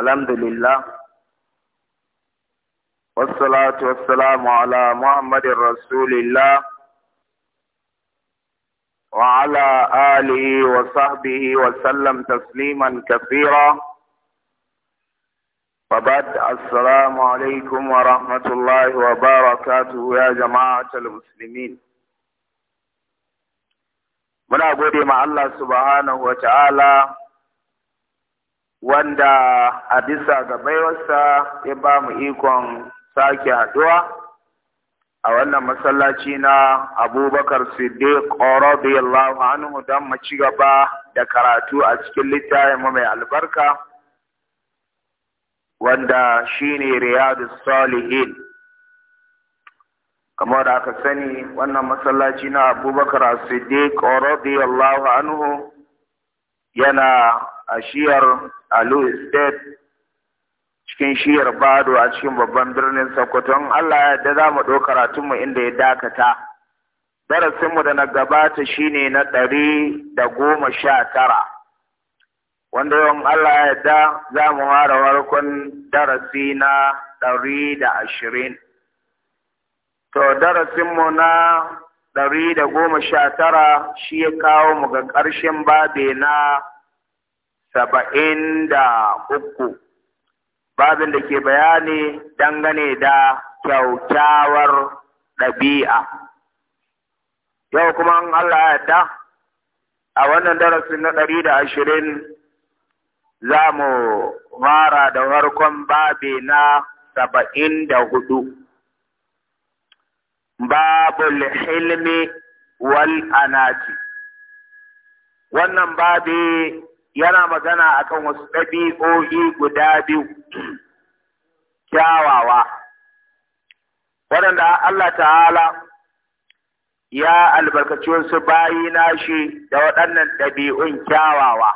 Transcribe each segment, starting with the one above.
الحمد لله والصلاة والسلام على محمد رسول الله وعلى آله وصحبه وسلم تسليما كثيرا وبعد السلام عليكم ورحمة الله وبركاته يا جماعة المسلمين من أبو ma Allah الله سبحانه وتعالى wanda a bisa ga baiwarsa ya ba mu ikon sake haɗuwa a wannan masallaci na abubakar siddiq radiyallahu anhu don mu ci gaba da karatu a cikin littafin mai albarka wanda shine riyadu salihin kamar da aka sani wannan masallaci na abubakar siddiq radiyallahu anhu yana a shiyar Alu State cikin shiyar Bado a cikin babban birnin Sokoto. Allah ya yarda za mu karatun mu inda ya dakata. Darasinmu da na gabata shine na ɗari da goma sha tara. Wanda yawan Allah ya yarda za mu fara farkon darasi na ɗari da ashirin. To darasinmu na ɗari da goma sha tara shi ya kawo mu ga ƙarshen babe na saba'in da uku babin da ke bayani dangane da kyaukyawar ɗabi'a yau kuma an Allah ya ta a wannan darasin na ɗari da ashirin za mu fara da farkon babi na saba'in da hudu babul hilmi wal anati wannan babi yana magana akan wasu ɗabi'o'i guda biyu kyawawa waɗanda Allah ta'ala ya albarkaci wasu bayi nashi da waɗannan ɗabi'un kyawawa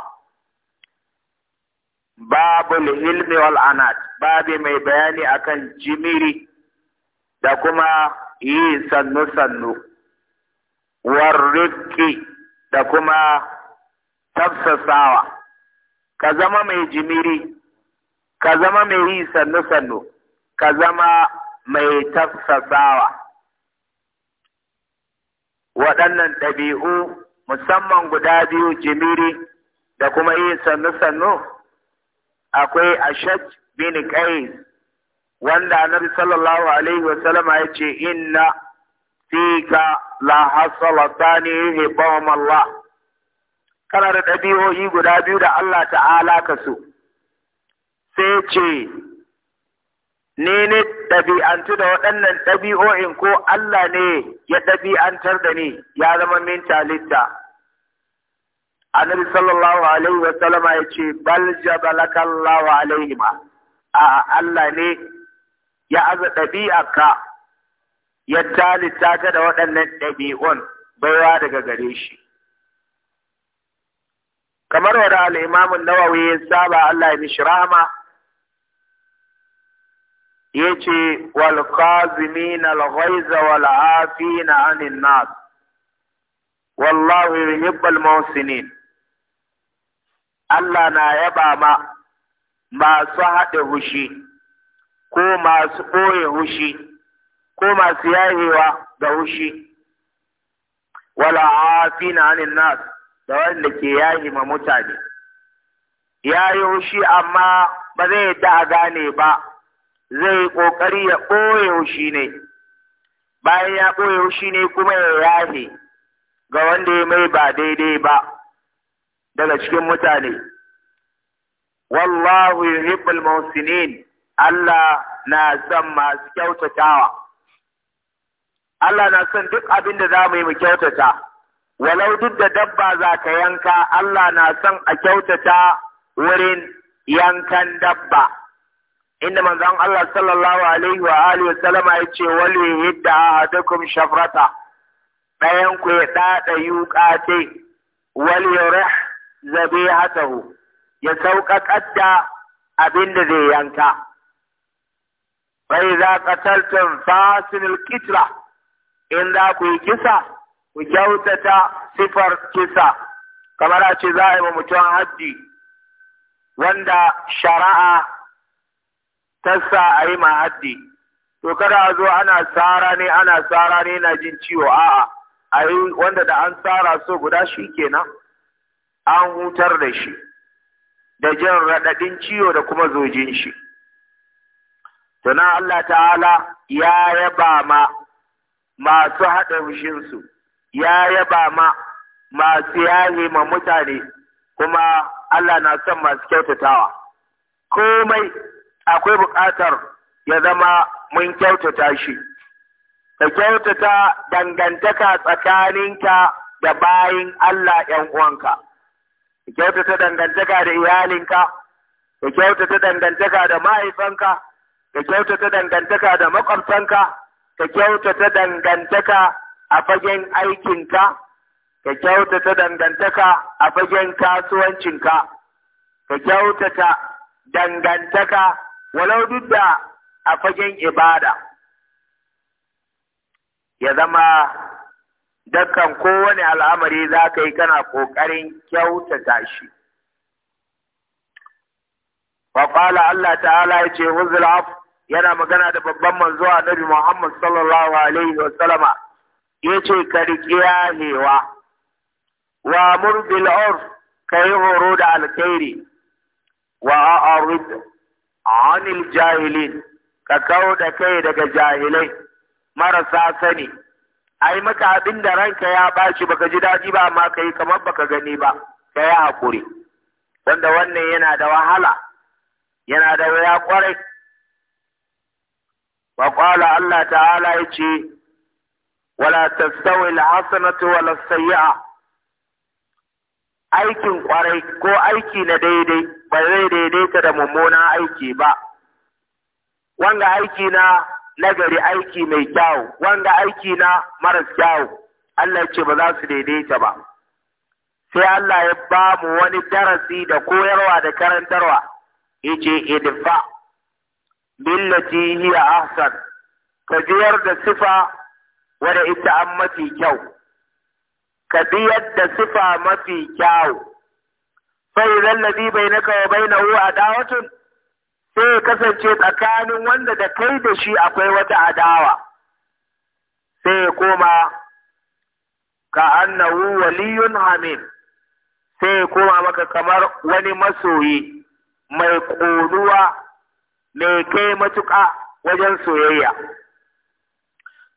Babu ilmi wal anat babi mai bayani akan jimiri da kuma yi sannu-sannu warriki da kuma tafsasawa ka zama mai jimiri ka zama mai yi sannu-sannu ka zama mai tafsasawa waɗannan ɗabi'u musamman guda biyu jimiri da kuma yi sannu-sannu akwai ashaj bin qais wanda annabi sallallahu alaihi wasallam ya ce inna fika la hasalatani yuhibbahum Allah kana da ɗabi'o'i guda biyu da Allah ta'ala ka so sai ce ni ne ɗabi'antu da waɗannan ɗabi'o'in ko Allah ne ya ɗabi'antar da ni ya zama min talitta annabi sallallahu alaihi wa sallama ya ce bal jabalakallahu ma, a Allah ne ya aza ɗabi'arka ya talitta ka da waɗannan ɗabi'un baiwa daga gare shi kamar wadda al'imamun nawawi ya saba Allah ya mishi rahama ya ce wal qazimin al ghaiza na afin anin nas wallahu yuhibbul muhsinin Allah na yaba ma masu haɗe hushi ko masu ɓoye hushi ko masu yayewa da hushi wal na anin nas da wanda ke yayi ma mutane ya yi hushi amma ba zai yadda a gane ba zai yi ƙoƙari ya ɓoye hushi ne bayan ya ɓoye hushi ne kuma ya yahe ga wanda ya mai ba daidai ba daga cikin mutane wallahu yuhibbul muhsinin Allah na son masu kyautatawa Allah na son duk abin da za mu yi mu kyautata walau duk da dabba za ka yanka Allah na son a kyautata wurin yankan dabba inda manzan Allah sallallahu alaihi wa alihi wasallama ya ce wal a ahadukum shafrata ɗayan ku ya dada yuqate wal yurih zabihatahu ya sauƙaƙar da abin da zai yanka fa idza qataltum fasinul qitla in za ku yi kisa ku kyautata sifar kisa kamar a ce za a yi wa mutum haddi wanda shari'a ta sa a yi ma haddi to kada a zo ana tsara ne ana tsara ne na jin ciwo a'a a yi wanda da an tsara so guda shi kenan an hutar da shi da jin raɗaɗin ciwo da kuma zojin shi tunan Allah ta'ala ya yaba ma masu haɗa fushinsu ya yaba ma masu yaye ma mutane kuma Allah na son masu kyautatawa komai akwai buƙatar ya zama mun kyautata shi ka kyautata dangantaka tsakaninka da bayin Allah ‘yan uwanka, ka kyautata dangantaka da iyalinka, ka kyautata dangantaka da mahaifanka, ka kyautata dangantaka da makwabtanka, ka kyautata dangantaka a fagen aikinka, ka kyautata dangantaka a fagen kasuwancinka, ka kyautata dangantaka walau duk da a fagen ibada. Ya zama dukkan kowane al'amari za ka yi kana ƙoƙarin kyautata shi. Waƙala Allah ta'ala ya ce, Huzul yana magana da babban manzo na Muhammad sallallahu Alaihi wasallama. yace ka riƙi hewa. wa murbil urf kai horo da alkhairi wa a'rid anil jahilin ka kawo da kai daga jahilai marasa sani ai maka abin da ranka ya baci baka ji daɗi ba amma kai kamar baka gani ba kai yi hakuri wanda wannan yana da wahala yana da waya kwarai wa Allah ta'ala yace wala tastawi al-hasanatu wala sayyi'a aikin kwarai ko aiki na daidai ba zai daidaita da mummuna aiki ba Wanda aiki na nagari aiki mai kyau wanda aiki na maras kyau Allah ce ba za su daidaita ba sai Allah ya ba mu wani darasi da koyarwa da karantarwa yace idfa billati hiya ahsan ka da sifa wada ita an mafi kyau ka bi yadda sifa mafi kyau sai zallabi bai naka kawo bai na a dawatun sai ya kasance tsakanin wanda da kai da shi akwai wata adawa sai ya koma ka annahu waliyun hamin. sai ya koma maka kamar wani masoyi mai ƙonuwa mai kai matuƙa wajen soyayya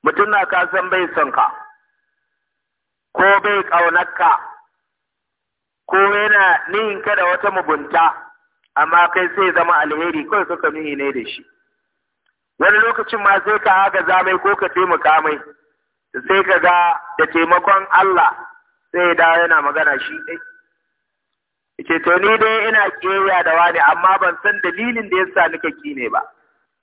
mutum na ka san bai son ka ko bai ƙaunar ko yana nihin ka da wata mugunta amma kai sai zama alheri kawai suka nihi ne da shi wani lokacin ma sai ka haka zamai ko ka taimaka mai sai ka ga da taimakon Allah sai da yana magana shi ɗai ce to ni dai ina kewaya da wani amma ban san dalilin da ya nika ki ne ba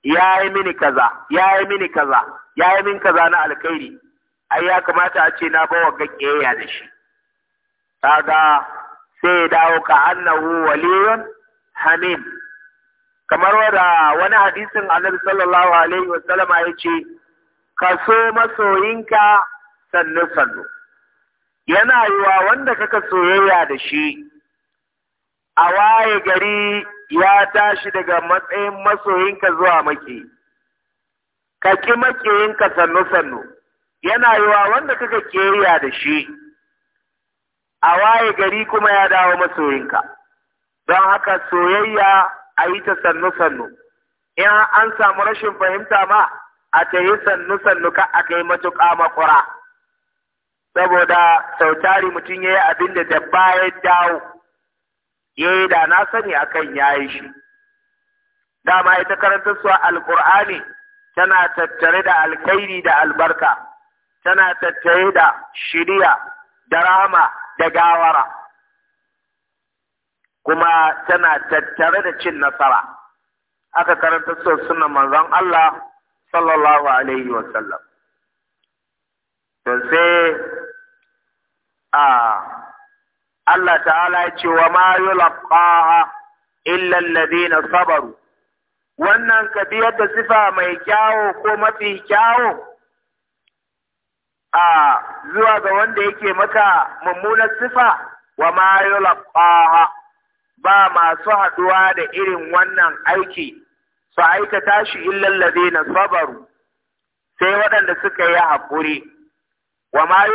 ya yi mini kaza ya yi mini kaza ya yi min kaza na alkhairi ai ya kamata a ce na bawa gaggeya da shi kaga sai ya dawo ka annahu waliyun hamim kamar wada wani hadisin annabi sallallahu alaihi wa sallama ya ce ka so masoyinka sannu sannu yana yiwa wanda kaka soyayya da shi a waye gari ya tashi daga matsayin masoyinka zuwa maki ka ki makiyinka sannu sannu yana yiwa wanda kaka keriya da shi a waye gari kuma ya dawo masoyinka don haka soyayya a yi ta sannu sannu in an samu rashin fahimta ma a ta yi sannu sannu ka a kai matuƙa makura saboda sautari mutum ya yi abin da dabba ya dawo yayi eh, da na sani akan yi shi dama ita karantar su Alƙur'ani tana tattare da alkairi da albarka tana tattare da shiriya da da gawara kuma tana tattare da cin nasara aka karanta su Suna manzon Allah sallallahu alaihi wa sallam sai a ah, Allah ta'ala ya ce wa ma yulqaha illa alladhina sabaru wannan kabiyar da sifa mai kyawo ko mafi kyawo a zuwa ga wanda yake maka mummunar sifa wa ma ba masu haɗuwa da irin wannan aiki su aikata shi illa na sabaru sai waɗanda suka yi haƙuri wa ma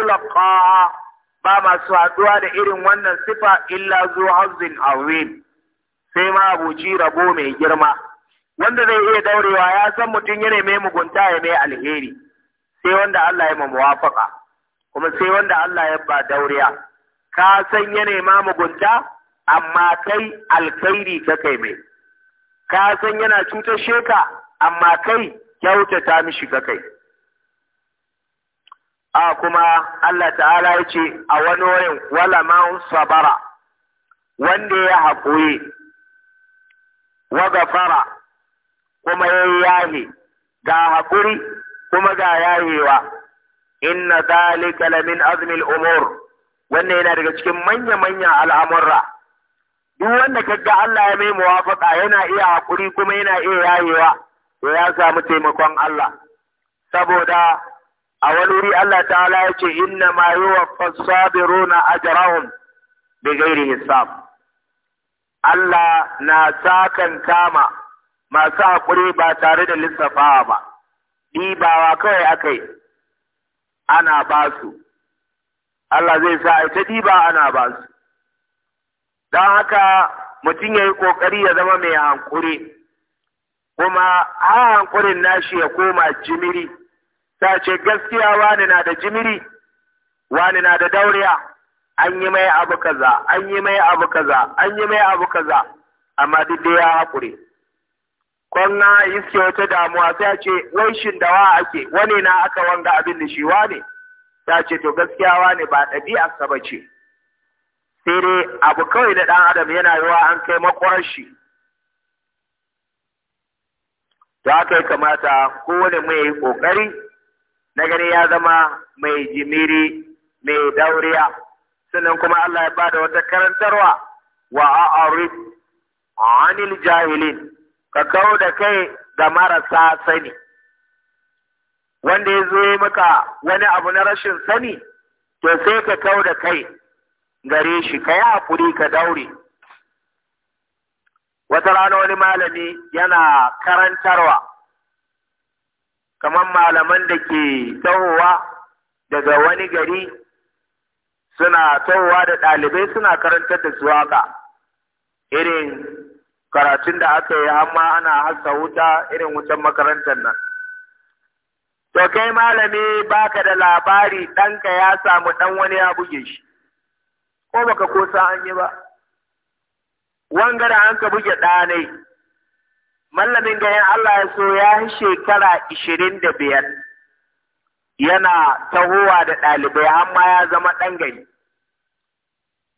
ba masu haɗuwa da irin wannan sifa illa zo hazin azim sai ma abuci rabo mai girma wanda zai iya daurewa ya san mutum yana mai mugunta ya mai alheri sai wanda Allah ya muwafaka kuma sai wanda Allah ya ba dauriya ka san yana ma mugunta amma kai alkhairi ka kai mai ka san yana cutar sheka amma kai kyautata mishi ka kai a kuma Allah ta'ala ya ce a wani wurin wala sabara wanda ya haƙuri wa gafara kuma ya yahe ga haƙuri kuma ga yahewa inna zalika lamin azmil umur wannan yana daga cikin manya-manyan al'amura. duk wanda kaga Allah ya mai muwafaka yana iya haƙuri kuma yana iya yahewa to ya samu taimakon Allah saboda a wani wuri Allah ta'ala ya ce inna ma yuwaffa na ajrahum da gairi hisab Allah na sakan kama masu haƙuri ba tare da lissafawa ba ɗibawa kawai akai ana ba su Allah zai sa a ta ɗiba ana ba su don haka mutum ya yi ƙoƙari ya zama mai hankuri kuma har hankurin nashi ya koma jimiri ta ce gaskiya wani na da jimiri wani na da dauriya an yi mai abu kaza an yi mai abu kaza an yi mai abu kaza amma duk da ya haƙure kon na iske wata damuwa sai a ce wai shin da wa ake wani na aka wanga abin da shi wane ta ce to gaskiya wani ba ɗabi'ar sa ce sai dai abu kawai na ɗan adam yana yawa an kai makwarar shi da aka kamata kowane mai ƙoƙari na gani ya zama mai jimiri mai dauriya sannan kuma Allah ya bada wata karantarwa wa a'arif anil jahilin ka kawo da kai ga marasa sani wanda ya zo maka wani abu na rashin sani to sai ka kawo da kai gare shi ka yi hakuri ka daure wata rana wani malami yana karantarwa kamar malaman da ke tahowa daga wani gari suna tahowa da ɗalibai suna karantar da su haka irin karatun da aka yi amma ana hasa wuta irin wutan makarantar nan to kai malami baka da labari ɗanka ya samu ɗan wani ya buge shi ko baka ko sa an yi ba wangara an ka buge ɗanai mallamin da Allah ya so ya yi shekara ishirin da biyar yana tahowa da ɗalibai amma ya zama ɗan gari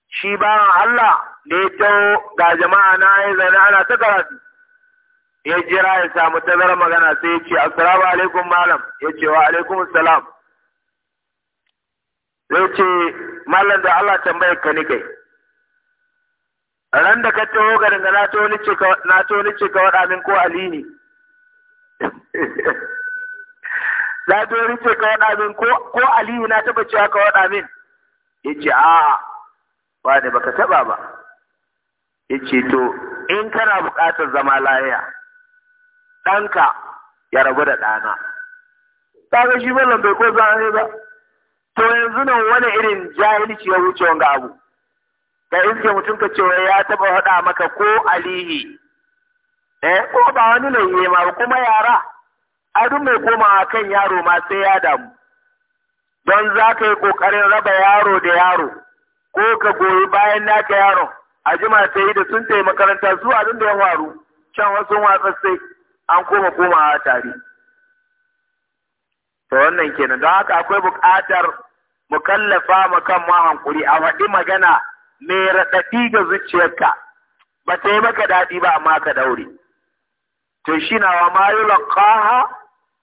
shi bawan Allah da ya ga jama'a na ya zaune ana ta karatu ya jira ya samu tazarar magana sai ya ce assalamu alaikum malam ya ce wa alaikum salam ya ce Mallam da Allah tambayar ka ni kai ran da ka taho ga da na to ni ce ka waɗa min ko alini na to ni ce ka waɗa min ko aliyu na taɓa cewa ka waɗa min ya ce a ba da baka taɓa ba ya ce to in kana buƙatar zama lahiya ɗanka ya rabu da ɗana ta ga shi mallam bai ko zama ba to yanzu nan wani irin jahilci ya wuce wanga abu da iske mutum ka cewa ya taba faɗa maka ko alihi eh ko ba wani ne ma kuma yara a duk mai komawa kan yaro ma sai ya damu don za ka yi ƙoƙarin raba yaro da yaro ko ka goyi bayan naka yaron a jima ta yi da sun taimaka makaranta su abin da ya waru, can wasu watsa sai an koma komawa tare to wannan kenan don haka akwai buƙatar mu kallafa mu kan ma hankuri a faɗi magana mai raɗaɗi ga zuciyarka ba ta yi maka daɗi ba amma ka daure to shi na wa ma laƙaha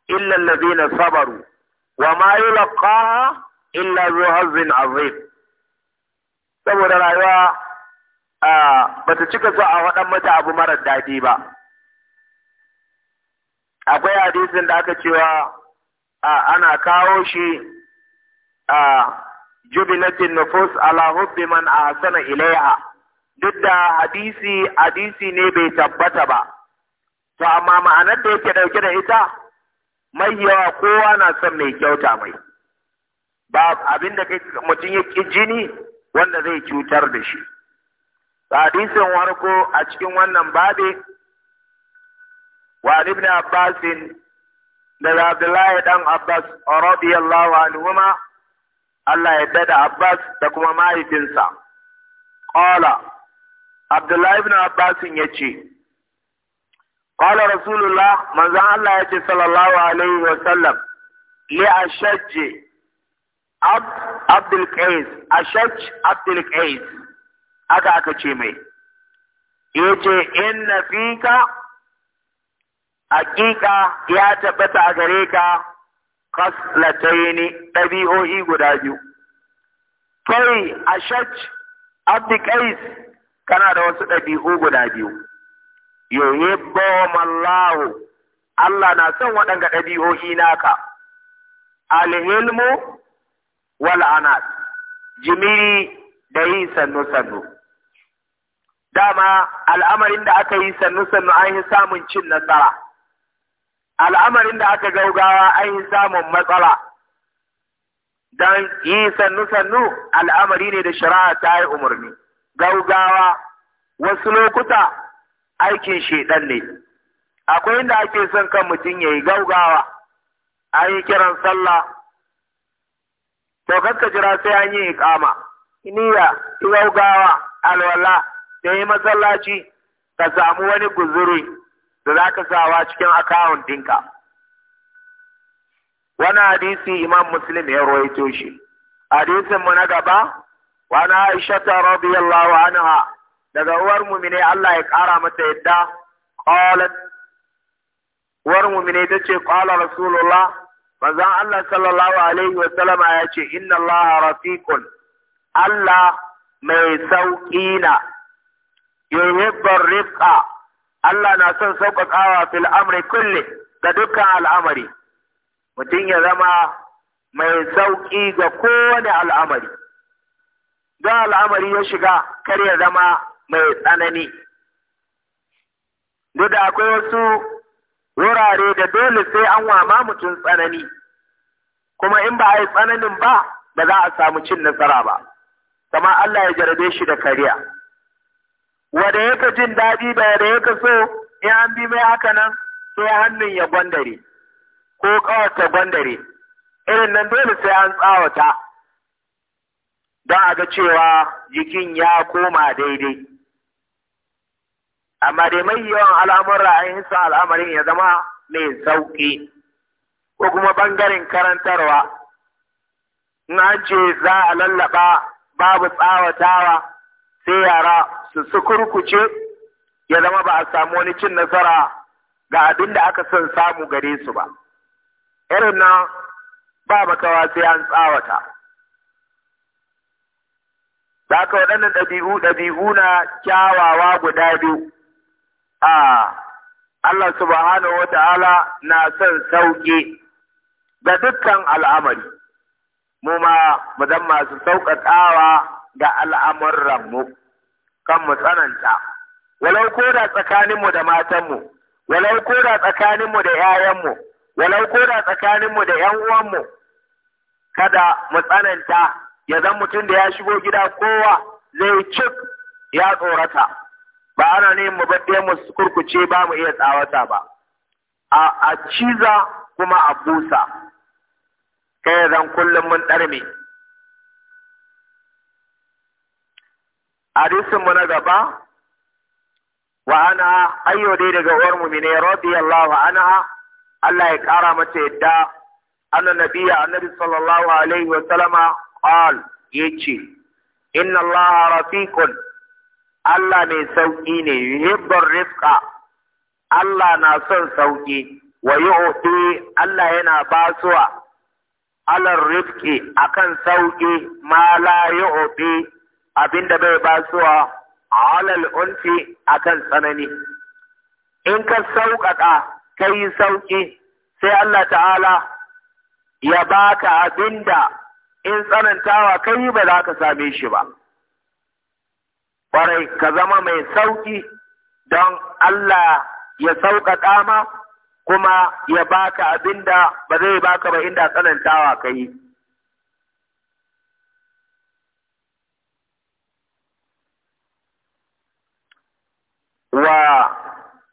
illa na sabaru wa ma laƙaha illa zu zin azim saboda rayuwa ba ta cika so a waɗan mata abu mara daɗi ba akwai hadisin da aka cewa ana kawo shi a jubilatin nufus ala hubbi man ahsana ilaiha duk da hadisi hadisi ne bai tabbata ba to amma ma'anar da yake dauke da ita mai yawa kowa na son mai kyauta mai ba abin da mutum ya ki jini wanda zai cutar da shi hadisin warko a cikin wannan babe wa ibn abbasin da abdullahi dan abbas radiyallahu ma Allah ya da Abbas da kuma mahaifinsa. Ƙala, Abdullahi ibn Abbas ya ce, Ƙala Rasulullah, manzan Allah ya ce sallallahu Alaihi wasallam, li a shajje Abdul a shajj Abdul aka aka ce mai, ya ce, in na fi ka, hakika ya tabbata a gare ka, khaslataini ɗabi'o'i guda biyu kai ashaj abdi qais kana da wasu ɗabi'u guda biyu yuhibbuhum Allah Allah na son waɗanga ɗabi'o'i naka alhilmu wal anas, jimiri da yi sannu sannu dama al'amarin da aka yi sannu sannu an yi samun cin nasara al'amarin da aka gaugawa an yi samun matsala don yi sannu-sannu al'amari ne da shari'a ta yi umarni gaugawa wasu lokuta aikin shaidan ne akwai inda ake son kan mutum ya yi gaugawa an yi kiran sallah to ka jira sai an yi ikama niyya gaugawa alwala da yi masallaci ka samu wani guzuri da za ka sawa cikin akawun ɗinka. Wani hadisi Imam Muslim ya rawaito shi. Hadisin mu na gaba, wani Aisha ta radiyallahu anha daga uwar mu mumine Allah ya ƙara mata yadda Ƙwalat. uwar mu mumine ta ce qala rasulullah manzon Allah sallallahu alaihi wa sallama ya ce inna Allah rafiqun Allah mai sauƙi na yuhibbu rifqa Allah na son sauƙaƙawa fil amri kulle ga dukkan al'amari mutum ya zama mai sauƙi ga kowane al'amari don al'amari ya shiga kar ya zama mai tsanani duk akwai wasu wurare da dole sai an wama mutum tsanani kuma in ba a yi tsananin ba ba za a samu cin nasara ba kamar Allah ya jarabe shi da kariya wanda yake jin daɗi da wanda yake so in an bi mai haka nan sai hannun ya gwandare ko ta gwandare irin nan dole sai an tsawata don a ga cewa jikin ya koma daidai amma dai mai yawan al'amura an yi al'amarin ya zama mai sauƙi ko kuma ɓangaren karantarwa in an ce za a lallaba babu tsawatawa sai yara su kurkuce ya zama ba a samu wani cin nasara ga abin da aka son samu gare su ba irin nan ba makawa sai an tsawata Da ka waɗannan ɗabi'u ɗabi'u na kyawawa guda biyu a Allah subhanahu wa ta'ala na son sauƙi ga dukkan al'amari mu ma mu zan masu sauƙaƙawa da al'amuranmu kan mu tsananta walau ko da tsakaninmu da matanmu walau ko da tsakaninmu da 'ya'yanmu walau ko da tsakaninmu da 'yan uwanmu kada mu tsananta ya zan mutum da ya shigo gida kowa zai cik ya tsorata ba ana ne mu baɗe mu kurkuce ba mu iya tsawata ba a ciza kuma a busa kai zan kullum mun ɗarme hadisinmu na gaba wa ana ayyo dai daga uwar mumine radiyallahu anha Allah ya kara mata yadda anna Nabiya. annabi sallallahu alaihi wa sallama qal yace inna Allah rafiqun Allah mai sauki ne yuhibbur rifqa Allah na son sauki wa yu'ti Allah yana basuwa alar rifqi akan sauki ma la yu'ti abinda bai basuwa alal unfi akan tsanani in ka sauƙaƙa ka yi sauƙi sai Allah ta'ala ya baka abinda in tsanantawa ka yi ba za ka same shi ba ƙwarai ka zama mai sauƙi don Allah ya sauƙaƙa ma kuma ya baka abinda ba zai baka ba inda tsanantawa ka yi. wa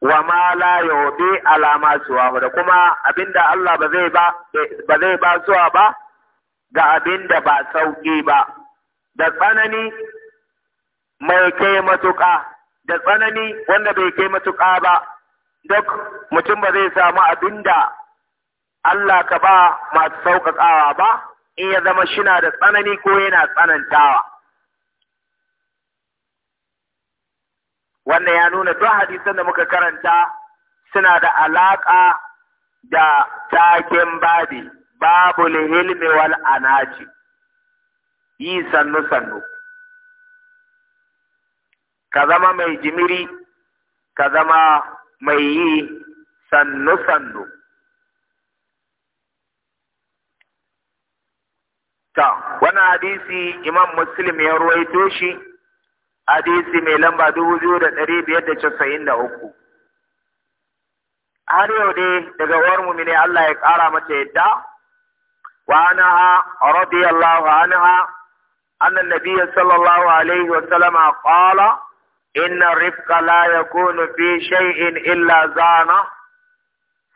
wa ma la ala ma suwa da kuma abinda Allah ba zai ba ba zai ba suwa ba ga abinda ba sauki ba da tsanani mai kai matuƙa da tsanani wanda bai kai matuƙa ba duk mutum ba zai samu abinda Allah ka ba masu sauƙaƙawa ba in ya zama shina da tsanani ko yana tsanantawa wannan ya nuna duk hadisan da muka karanta suna da alaƙa da taken babi babu hilmi wal anaci yi sannu sannu ka zama mai jimiri ka zama mai yi sannu sannu ta wani hadisi imam muslim ya ruwaito shi hadisi mai lamba dubu biyu da ɗari biyar da casa'in da uku. Har yau dai daga uwar mu mumine Allah ya ƙara mata yadda, wa anha radiyallahu anha أن النبي صلى الله عليه وسلم قال إن الرفق لا يكون في شيء illa zana.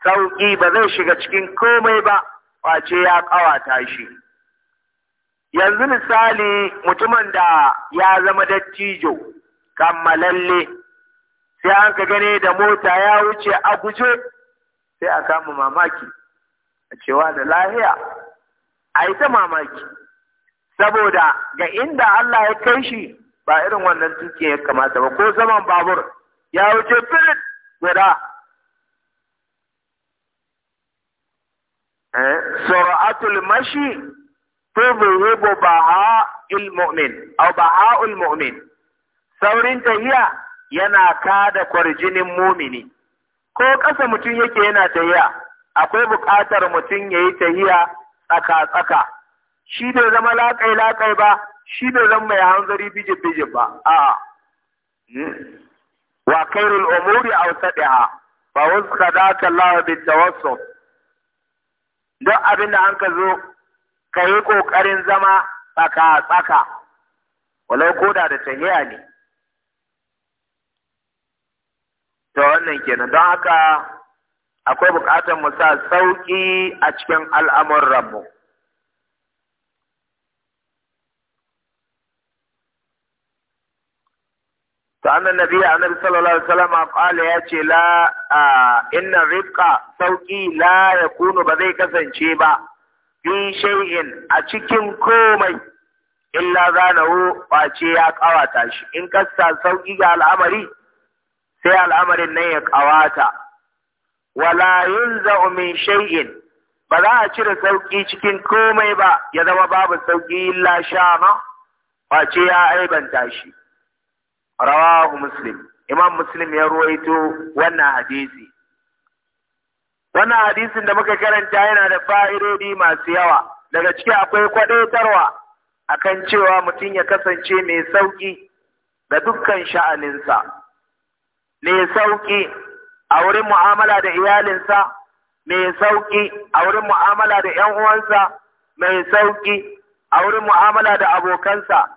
Sauki ba zai shiga cikin komai ba face ya ƙawata shi yanzu misali mutumin da ya zama dattijo kammalalle sai an ka gane da mota ya wuce a guje sai a kama mamaki a cewa da lahiya a yi ta mamaki saboda ga inda Allah ya kai shi ba irin wannan tuke ya kamata ba ko zaman babur ya wuce filit guda eh, sura'atul mashi tuzhibu baha'il mu'min aw baha'ul mu'min saurin tahiya yana kada kwarjinin mumini ko ƙasa mutum yake yana tahiya akwai buƙatar mutum yayi yi tahiya tsaka-tsaka shi bai zama laƙai-laƙai ba shi bai zama mai hanzari bijib-bijib ba a hmm. wa kairul umuri aw sadiha fa wasu Allah bi tawassut duk da an ka zo ka yi ƙoƙarin zama tsaka-tsaka, walau koda da tahiya ne. Ta wannan kenan don haka akwai buƙatar mu sa sauƙi a cikin al'amuranmu. فأن النبي النبي صلى الله عليه وسلم قال يا لا آه إن الرفق سوكي لا يكون بذيك سنشيبا bin shay'in a cikin komai illa zanahu wace ya kawata shi in kasta sauki ga al'amari sai al'amarin nan ya kawata wala yunza min shay'in ba za a cire sauki cikin komai ba ya zama babu sauki illa shama Wace ya aibanta shi rawahu muslim imam muslim ya ruwaito wannan hadisi wannan hadisin da muka karanta yana da fa'idodi masu yawa daga ciki akwai a kan cewa mutum ya kasance mai sauƙi ga dukkan sha'aninsa mai sauƙi a wurin mu'amala da iyalinsa mai sauƙi a wurin mu'amala da 'yan uwansa mai sauƙi a wurin mu'amala da abokansa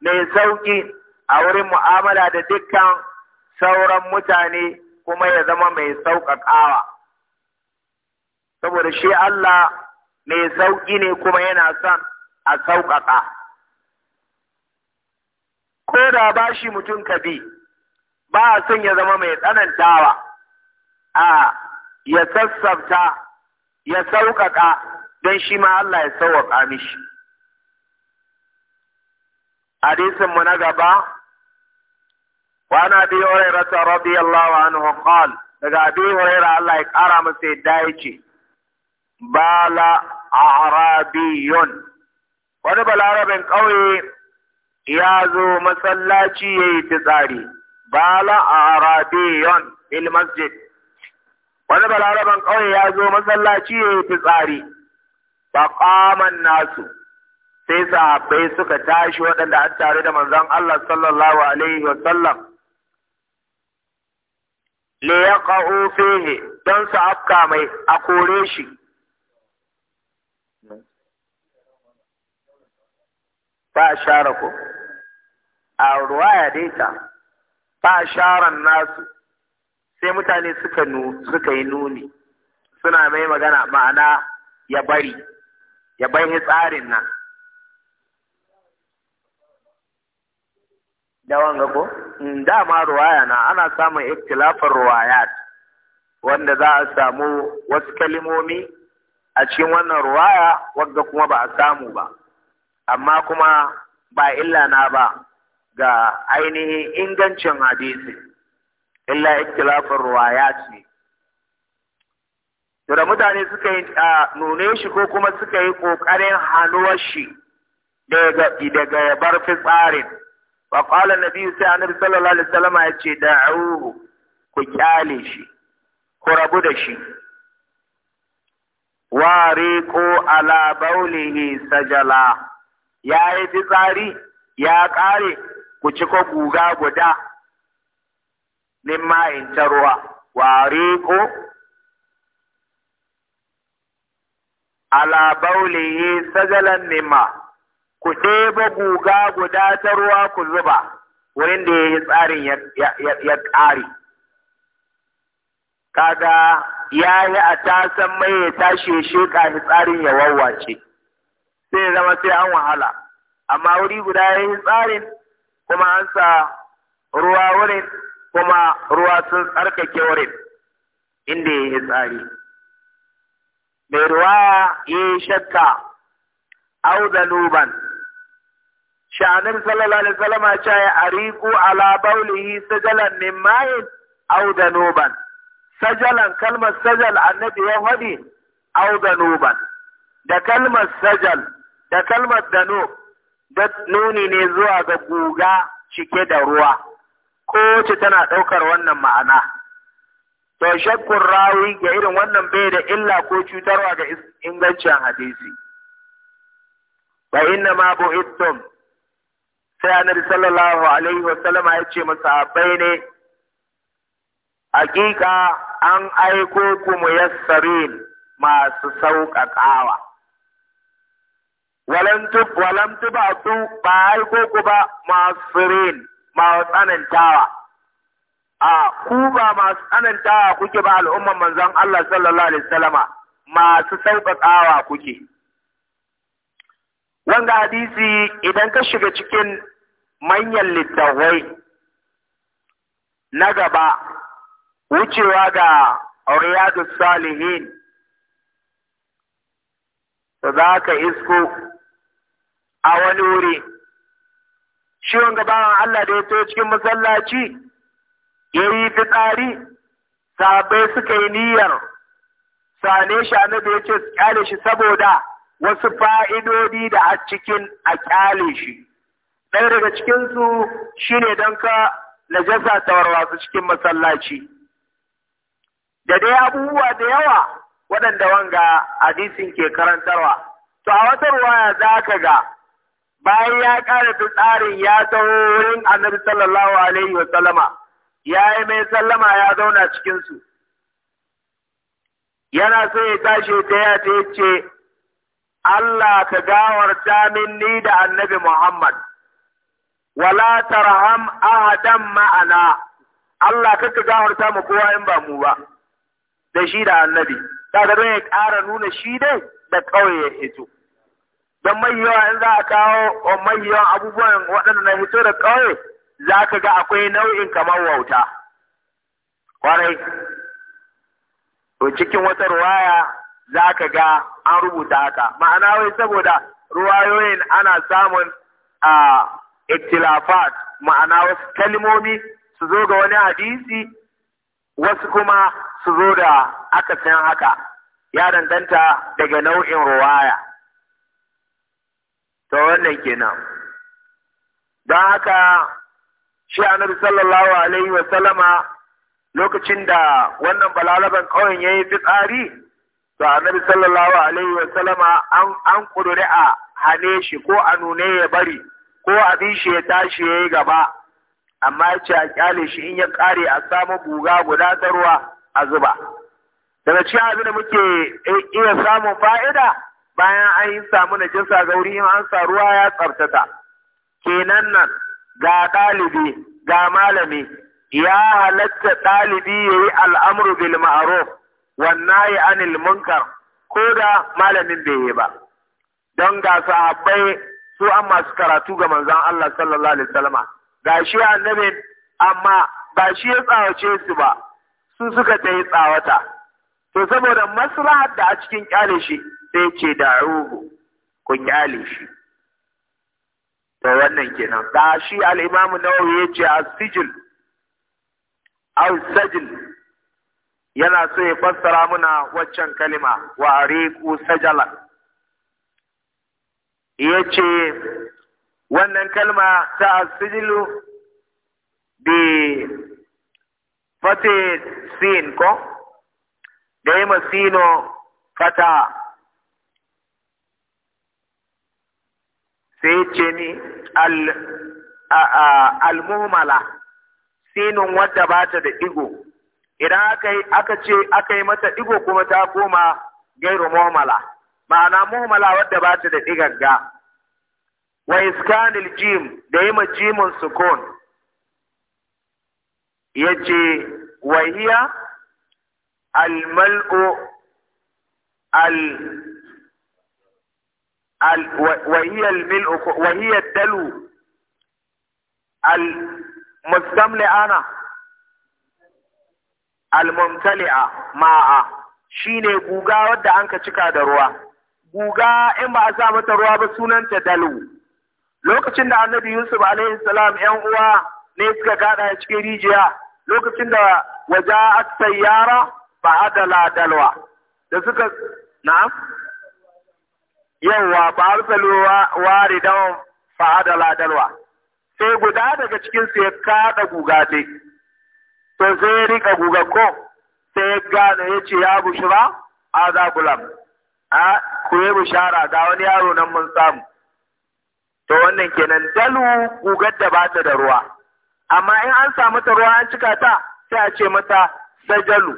mai sauƙi a wurin mu'amala da dukkan sauran mutane kuma ya zama mai sauƙaƙawa saboda shi Allah mai sauƙi ne kuma yana son a sauƙaƙa ko da ba shi mutum ka bi ba a son ya zama mai tsanantawa a ya sassabta ya sauƙaƙa don shi ma Allah ya sauƙaƙa mishi mu na gaba وعن ابي هريره رضي الله عنه قال daga abi huraira Allah ya ƙara masa yadda yake bala arabiyun wani balarabin ƙauye ya zo masallaci ya yi fitsari bala arabiyun il masjid wani balarabin ƙauye ya zo masallaci ya yi fitsari ba ƙaman nasu sai sahabbai suka tashi waɗanda an tare da manzon Allah sallallahu alaihi wa sallam li fihi don su afka mai a kore shi fa share ko a ruwaya dai ta fa sharan nasu sai mutane suka nu suka yi nuni suna mai magana ma'ana ya bari ya bai tsarin nan da wanga ko mm, dama ruwaya na ana samun ikhtilafin ruwayat wanda za a samu wasu kalimomi a cikin wannan ruwaya wadda kuma ba a samu ba amma kuma ba illa na ba ga ainihin ingancin hadisi illa ikhtilafin ruwaya ce to da mutane suka yi nune shi ko kuma suka yi ƙoƙarin hannuwar shi daga ya bar fitsarin wa na biyu sai annabi sallallahu alaihi wasallam ya ce da'uhu ku kyale shi ku rabu da shi wa riqu ala baulihi sajala ya yi fitsari ya ƙare ku ci ko guga guda Nima in ta ware ko ala yi sajalan nima. ku ɗeba guga guda ta ruwa ku zuba wurin da ya yi tsarin ya ƙare kaga ya yi a tasan mai ya tashi ya sheƙa tsarin ya wawace. sai zama sai an wahala amma wuri guda ya yi tsarin kuma an sa ruwa wurin kuma ruwa sun tsarkake wurin inda ya yi tsari mai ruwa ya yi shakka au da nuban sha'anin sallallahu alaihi wasallam ce a riku ala baulihi sajalan min ma'in au da nuban sajalan kalmar sajal annabi ya faɗi au da nuban da kalmar sajal da kalmar dano da nuni ne zuwa ga guga cike da ruwa ko ce tana ɗaukar wannan ma'ana to shakkun rawi ga irin wannan bai da illa ko cutarwa ga ingancin hadisi Ba inna ma ittum, sai annabi sallallahu alaihi wa ya ce abai ne hakika an aiko ku muyassarin masu sauƙaƙawa walam ba su ba aiko ku ba masu rin masu tsanantawa a ku ba masu tsanantawa kuke ba al'umman manzan Allah sallallahu alaihi wasallama masu sauƙaƙawa kuke Wanda hadisi idan ka shiga cikin manyan littawai na gaba wucewa ga riyadu salihin za ka isko a wani wuri ciwon wanga Allah da ya to cikin masallaci ya yi fitsari sabai suka yi niyyar sane shi da ya ce su kyale shi saboda wasu fa'idodi da a cikin a kyale shi ɗaya daga cikinsu shi ne don ka najasa ta warwasu cikin masallaci da dai abubuwa da yawa waɗanda wanga hadisin ke karantarwa to a wata ruwaya za ka ga bayan ya ƙara tsarin ya taho wurin annabi sallallahu alaihi wa sallama ya yi mai sallama ya zauna cikinsu yana so ya tashi ta ya ce ce Allah ka gawarta min ni da annabi Muhammad wala tarham ahadan ma'ana Allah ka ka gawarta mu kowa in ba mu ba da shi da annabi kaga don ya ƙara nuna shi dai da kawai ya hito. don mai in za a kawo mai yawan abubuwan waɗanda na hito da ƙauye za ka ga akwai nau'in kamar wauta kwarai to cikin wata ruwaya za ka ga an rubuta haka ma'ana wai saboda ruwayoyin ana samun a itilafat ma'ana wasu kalmomi su zo ga wani hadisi wasu kuma su zo da akasin haka ya danganta daga nau'in ruwaya to wannan kenan don haka shi annabi sallallahu alaihi wa sallama lokacin da wannan balalaban kauyen ya yi fitsari to annabi sallallahu alaihi wa sallama an an kudure a hane shi ko a nune ya bari ko abin shi ya tashi ya yi gaba amma ya ce a kyale shi in ya kare a samu guga guda ta ruwa a zuba daga cikin abin da muke iya samun fa'ida bayan an yi samu najasa ga wuri in an sa ruwa ya tsabtata kenan nan ga ɗalibi ga malami ya halatta ɗalibi ya yi al'amuru bil ma'ruf wannan ya anil munkar ko da malamin bai yi ba don ga sahabbai su an masu karatu ga manzon Allah sallallahu alaihi wasallama ga shi annabin amma ba shi ya tsawace su ba su suka ta yi tsawata to saboda maslahar da a cikin kyale shi sai ce da ruhu ku kyale shi to wannan kenan da shi al-imamu nawawi ya ce as-sijil aw sajil yana so ya fassara muna waccan kalima wa ariku sajala. ya ce wannan kalma ta asijilu bi fate sin ko da ya masino fata sai ce ni al-muhmala sinin wadda ba ta da digo idan aka ce aka yi mata digo kuma ta koma gairu muhmala ma'ana muhmala wadda ba ta da digagga wa iskanil jim da yi ma jimin sukun ya ce wa hiya الملء ال ال وهي الملء وهي shine guga wadda an ka cika da ruwa guga in ba a sa mata ruwa ba sunanta dalu lokacin da annabi yusuf alaihi yan uwa ne suka gada cikin rijiya lokacin da waja'at yara. fa'adala dalwa da suka na yawa ba arsalu waridan fa'adala dalwa sai guda daga cikin su ya kada guga ce to sai ya rika guga ko sai ya gane ya ce ya bushra aza gulam a ku yi bushara ga wani yaro nan mun samu to wannan kenan dalu gugar da bata da ruwa amma in an samu ta ruwa an cika ta sai a ce mata sajalu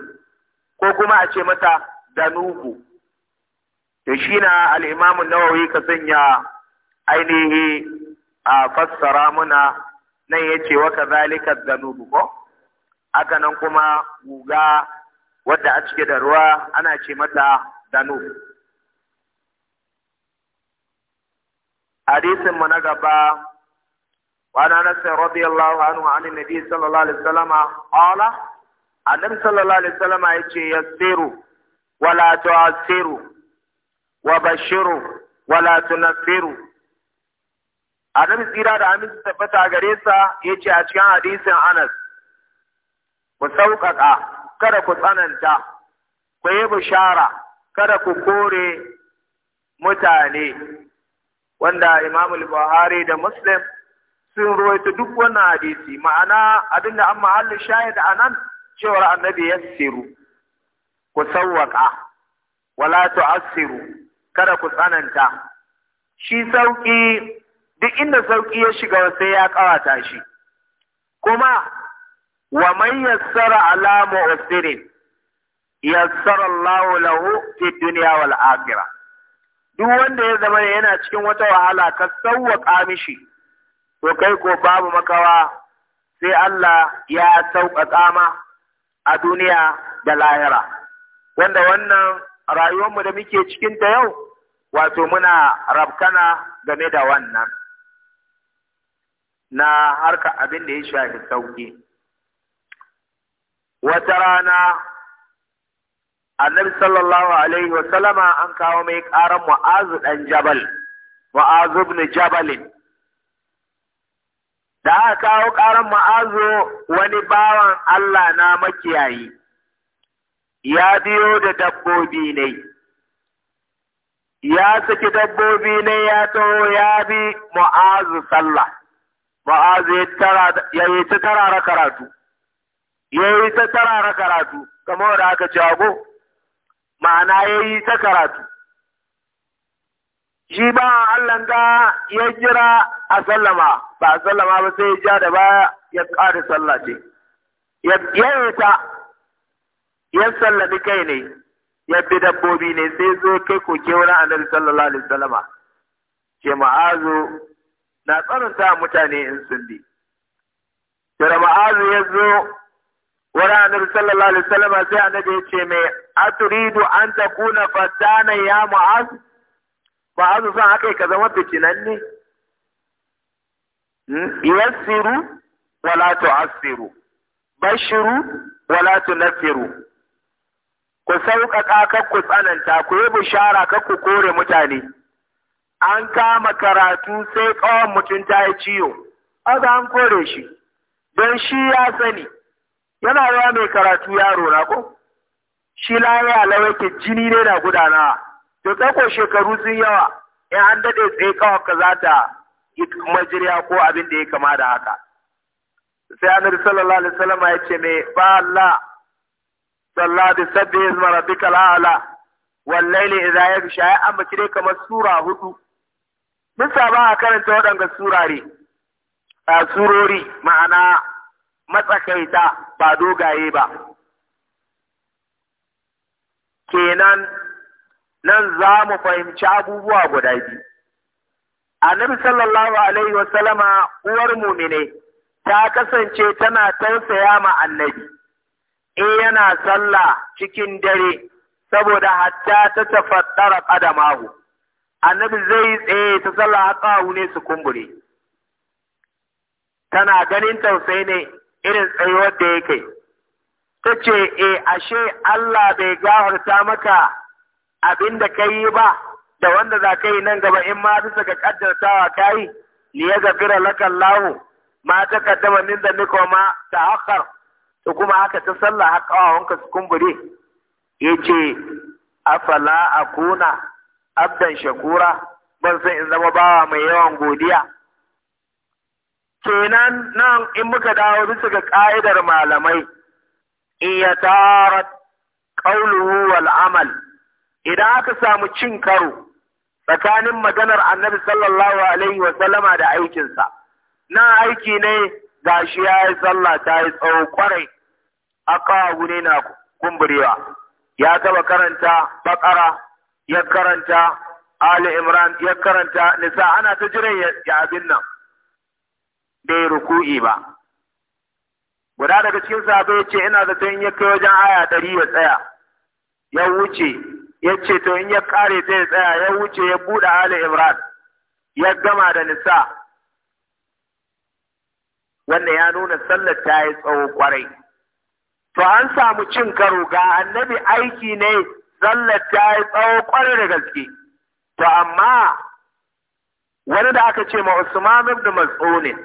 ko kuma a ce mata danubu da shi na al’imamun nawawi ka sanya ainihi a fassara muna nan ya ce waka zalika danubu ko haka nan kuma guga wadda a cike da ruwa ana ce mata danubu hadisin mu na gaba وعن انس رضي الله عنه wa النبي صلى الله عليه وسلم annabi sallallahu alaihi wasallam ya ce yassiru wala tu'assiru wa bashiru wala tunaffiru annabi sira da aminci tabbata a gare sa yace a cikin hadisin Anas ku sauƙaƙa kada ku tsananta ku yi bishara kada ku kore mutane wanda Imam al Buhari da Muslim sun ruwaito duk wannan hadisi ma'ana abinda an Allah shahid anan cewar annabi ya siru, ku sawwaka wala tu'assiru kada ku tsananta shi sauki duk inda sauki ya shiga sai ya kawata shi kuma wa man yassara ala mu'sirin yassara Allah lahu fi dunya wal akhirah duk wanda ya zama yana cikin wata wahala ka sauwaka mishi to kai ko babu makawa sai Allah ya sauƙaƙa ma a duniya da lahira wanda wannan rayuwarmu da muke cikin ta yau wato muna rabkana game da wannan na harka abin da ya shafi sauki wata rana annabi sallallahu alaihi wasallama an kawo mai ƙaran mu'azu ɗan jabal mu'azu ibn jabalin da aka kawo ƙarar ma'azo wani bawan Allah na makiyayi, ya biyo da dabbobi ne, ya saki dabbobi ne ya taho ya bi ma'azu sallah, ma'azu ya yi ta tarara karatu, ya yi ta tarara karatu, kamar da aka jago, ma'ana ya yi ta karatu. Shi ba Allah ga ya jira a sallama. ba a sallama ba sai ya ja da baya ya ƙara sallah ce ya ta ya sallabi kai ne ya bi dabbobi ne sai zo kai koke wani annabi sallallahu alaihi sallama. Ke ma'azu na tsananta mutane in sun bi da ma'azu ya zo wani annabi sallallahu alaihi sallama sai annabi ya ce mai aturidu an kuna fatana ya ma'azu ma'azu san haka ka zama fitinan ne yassiru wala tu'assiru bashiru wala tunaffiru ku sauƙaƙa kar ku tsananta ku yi bishara kar ku kore mutane an kama karatu sai tsawon mutum ta yi ciwo aga an kore shi don shi ya sani yana rawa mai karatu yaro na ko shi laya ke jini ne na gudanawa to tsako shekaru sun yawa in an daɗe tsaye kawai ka za ta majiriya ko abin da ya kama da haka sai annabi sallallahu alaihi wasallam ya ce mai ba Allah salla bi sabbi isma rabbikal a'la wal layli idha yaghsha ya amma dai kamar sura hudu mun saba a karanta waɗanga surare a surori ma'ana matsakaita ba dogaye ba kenan nan za mu fahimci abubuwa guda biyu annabi sallallahu alaihi wasallama uwar mumine ta kasance tana tausaya ma annabi in eh, yana sallah cikin dare saboda hatta ta tafattara qadamahu annabi zai tsaye ta sallah haka ne su kumbure tana ganin tausayi ne irin tsayuwar da yake ta ce e ashe Allah bai gafarta maka abin da ka yi ba da wanda za ka yi nan gaba in ma bisa ga kaddartawa ka yi ni ya gafira laka Allahu ma ta kaddama min da niko ma ta akhar to kuma haka ta sallah haka wanka su kumbure ce afala kuna, abdan shakura ban san in zama bawa mai yawan godiya kenan nan in muka dawo bisa ga ka'idar malamai in ya tara wal amal idan aka samu cin karo tsakanin maganar annabi sallallahu alaihi wa sallama da aikinsa na aiki ne gashi ya yi sallah ta yi tsawo kwarai a Gune na kumburewa ya taba karanta bakara ya karanta ali imran ya karanta nisa ana ta jiran ya abin nan bai ruku'i ba guda daga cikin ya ce ina zaton ya kai wajen aya ɗari ya tsaya ya wuce ya ce to in ya ƙare ta ya tsaya ya wuce ya buɗe ali imran ya gama da nisa wanda ya nuna sallar ta yi tsawo kwarai to an samu cin karo ga annabi aiki ne sallar ta yi tsawo kwarai da gaske to amma wani da aka ce ma Usman ibn Mas'ud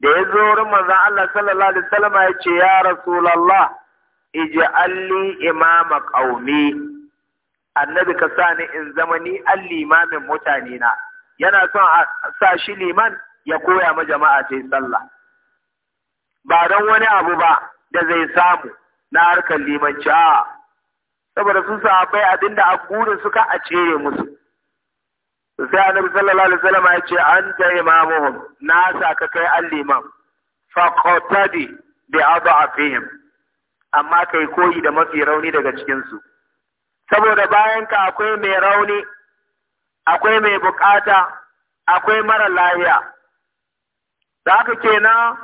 da ya zo wurin manzon Allah sallallahu alaihi wasallam ya ce ya Rasulullah li imama qaumi annabi ka sa ni in zama ni an limamin mutane na yana son a sa shi liman ya koya ma jama'a ta sallah ba don wani abu ba da zai samu na harkar limanci a saboda sun bai abinda da suka a cire musu sai annabi sallallahu alaihi wasallam ya ce an ta imamuhum na sa ka kai an liman faqtadi bi adafihim amma kai koyi da mafi rauni daga cikin su saboda bayanka akwai mai rauni akwai mai bukata akwai mara lahiya da haka kenan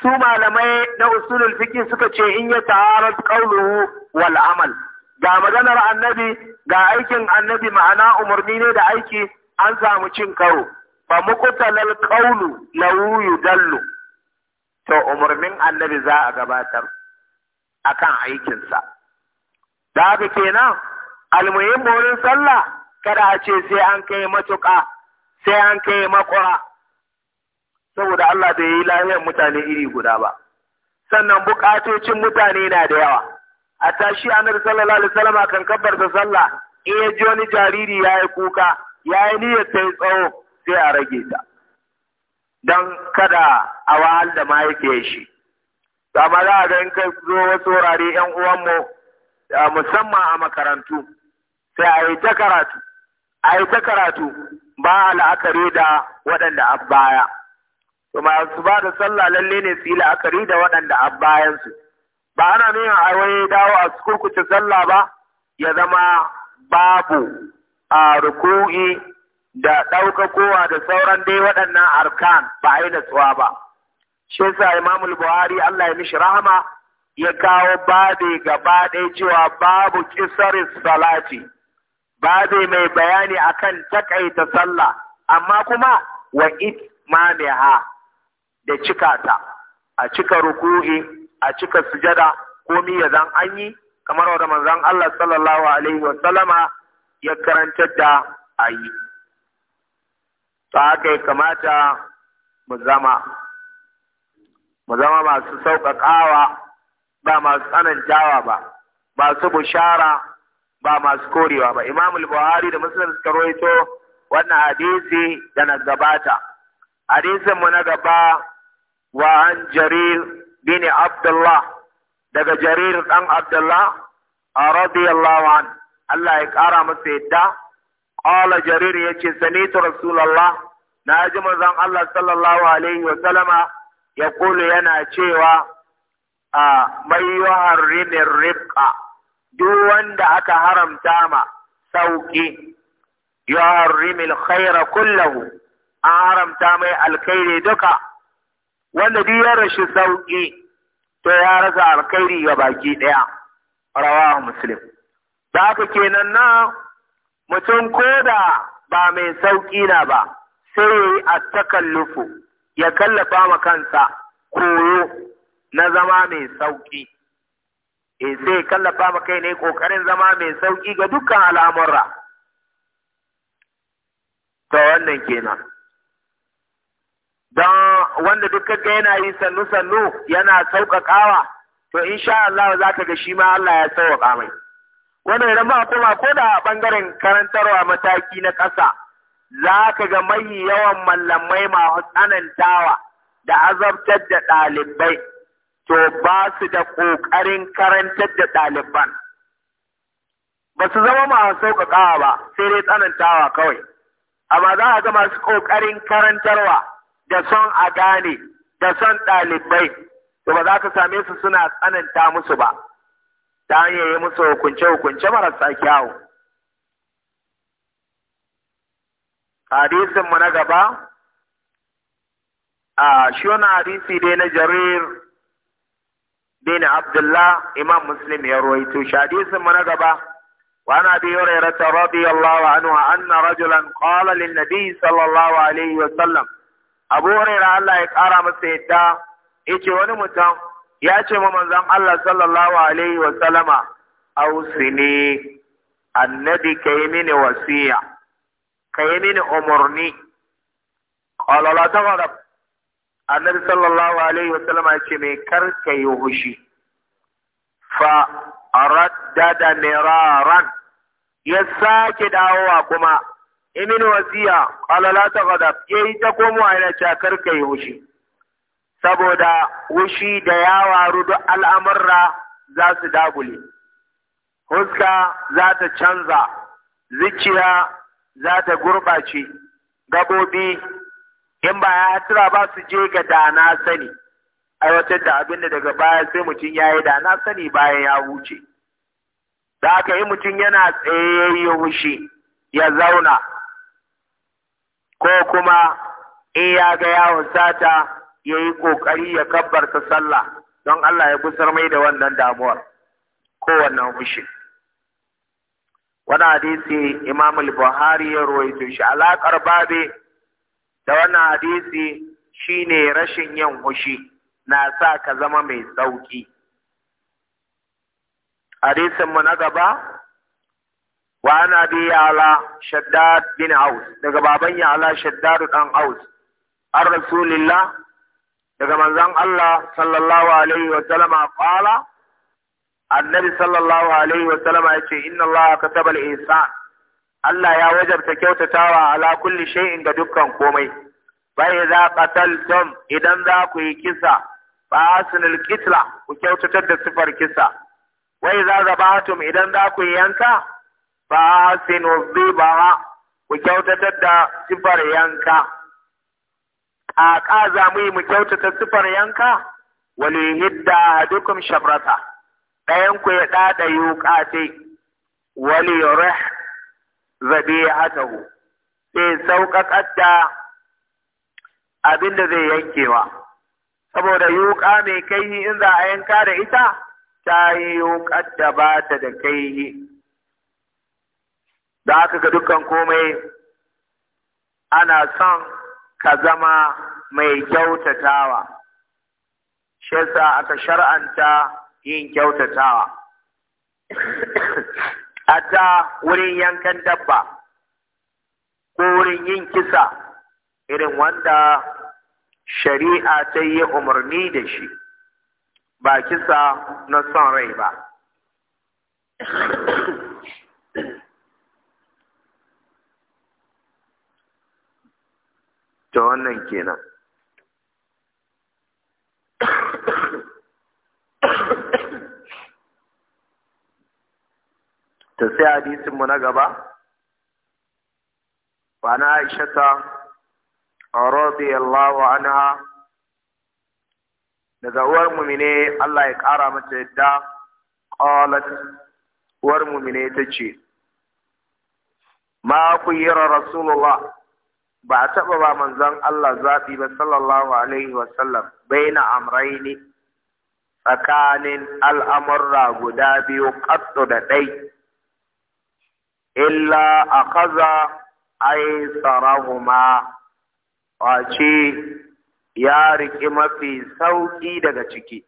su malamai na usulul fikin suka ce in ya ta'arad qawluhu wal amal ga maganar annabi ga aikin annabi ma'ana umarni ne da aiki an samu cin karo fa kaulu qawlu wuyu yudallu to umarnin annabi za a gabatar akan aikinsa da haka kenan almuhim wurin sallah kada a ce sai an kai matuƙa sai an kai makura saboda Allah bai yi lahiyar mutane iri guda ba sannan bukatocin mutane na da yawa a tashi annabi sallallahu alaihi wasallam kan kabbarta sallah in ya ji wani jariri ya yi kuka ya yi niyyar ta yi tsawo sai a rage ta don kada a wahal da yake shi amma za a ga in kai zo wasu wurare yan uwanmu Ah, musamman a makarantu sai a yi ta karatu a yi ta karatu ba la'akari da waɗanda a baya to masu ba da sallah lalle ne su yi la'akari da waɗanda a bayansu ba ana nuna a wani dawo a kurkuce sallah ba ya zama babu a ah, ruku'i da ɗaukakowa da sauran dai waɗannan arkan ba a yi natsuwa ba shi sa imamul buhari allah ya mishi rahama ya kawo babe gaba ɗaya cewa babu kisarin salati, babe mai bayani akan takaita sallah, amma kuma wa itmamiha da cikata, a cika ruku'i, a cika sujada, mi ya zan an yi, kamar wanda manzon Allah sallallahu Alaihi sallama ya karantar da ayi yi. Ta haka kamata mu zama, mu zama masu sauƙaƙawa. ba masu tsanantawa ba masu bushara ba masu korewa ba imam buhari da muslim suka rawaito wannan hadisi da na gabata hadisin mu na gaba wa an jarir bin abdullah daga jarir dan abdullah radiyallahu an Allah ya kara masa yadda qala jarir yace sanitu rasulullah na ji manzon Allah sallallahu alaihi wa sallama yaqulu yana cewa a mai harimin rifka, duk wanda aka haramta ma sauki yuharrimil khaira kullahu an haramta mai alkairi duka wanda duk ya rashi sauki to ya rasa alkhairi ga baki ɗaya rawa muslim da aka kenan na mutum koda ba mai sauƙi na ba sai a takallufu ya kallafa ma kansa koyo na zama mai sauƙi e sai kallafa ma kai ne ƙoƙarin zama mai sauƙi ga dukkan al'amurra ta wannan kenan don wanda dukkan ga yana yi sannu-sannu yana sauƙaƙawa to in sha Allah za ka ga shi ma Allah ya sauƙaƙa mai Wanda idan ba kuma ko da ɓangaren karantarwa mataki na ƙasa za ka ga mai yawan mallamai masu tsanantawa da azabtar da ɗalibai to ba su da ƙoƙarin karantar da ɗaliban. Ba su zama masu sauƙaƙawa ba, sai dai tsanantawa kawai. Amma za a ga masu ƙoƙarin karantarwa da son a gane, da son ɗalibai, to ba za ka same su suna tsananta musu ba, ta hanyar yi musu hukunce-hukunce marasa kyawu. Hadisinmu na gaba, a shi wani hadisi dai na jarir bin Abdullah Imam Muslim ya rawaito shi hadisin mu na gaba وعن ابي هريره رضي الله عنه ان رجلا قال للنبي صلى الله عليه وسلم ابو هريره الله ya kara masa yadda yace wani mutum ya ce ma manzon Allah sallallahu alaihi wa sallama ausini annabi kai mini kai mini umarni? annabi sallallahu alaihi wasallam ya ce mai karka yi hushi fa raddada miraran ya sake dawowa kuma imin wasiya ta la ya yi ta komo a yana karka yi hushi saboda hushi da yawa rudu al'amurra za su dagule huska za ta canza zuciya za ta gurɓace gabobi in ba ya tura ba su je ga dana sani aiwatar da abin da daga baya sai mutum ya yi da sani bayan ya huce da aka yi mutum yana tsaye ya wushe ya zauna ko kuma in ya ga yawon sata ya yi ƙoƙari ya kabbarta sallah don Allah ya gusar mai da wannan damuwar ko wannan hushin. Wani hadisi Imam Buhari ya rawaito shi alaƙar babe da wannan hadisi shine rashin yin hushi na sa ka zama mai sauki hadisin mu na gaba wa ana bi ala shaddad bin aus daga baban ya ala shaddad dan aus an rasulillah daga manzon Allah sallallahu alaihi wa sallama qala annabi sallallahu alaihi wa sallama yace inna Allah katabal ihsan Allah ya wajabta kyautatawa ala kulli shay'in ga dukkan komai bai za qataltum idan za ku yi kisa fa asnul kitla ku kyautatar da sifar kisa wai za zabatum idan za ku yi yanka fa asinu dhiba ku kyautatar da sifar yanka a ka za mu yi mu kyautata sifar yanka wali hidda dukum shabrata ɗayan ku ya ɗaɗa yuƙa wali yurih zabihatahu sai sauƙaƙar da abin da zai yankewa saboda yuƙa mai kaihi in za a yanka da ita ta yi yuƙar da ba ta da kaihi da aka ga dukkan komai ana son ka zama mai kyautatawa shi yasa aka shar'anta yin kyautatawa ta wurin yankan dabba ko wurin yin kisa irin wanda shari'a ta yi umarni da shi ba kisa na son rai ba ta wannan kenan ta sai hadisin mu na gaba wa na aishata radiyallahu anha daga uwar mumine Allah ya kara mata yadda qalat uwar mumine tace ma ku kuyira rasulullah ba a taɓa ba manzon Allah zaɓi ba sallallahu alaihi wasallam baina amraini tsakanin al'amurra guda biyu ƙaddo da ɗai illa a akhadha aisarahuma wace ya riki mafi sauƙi daga ciki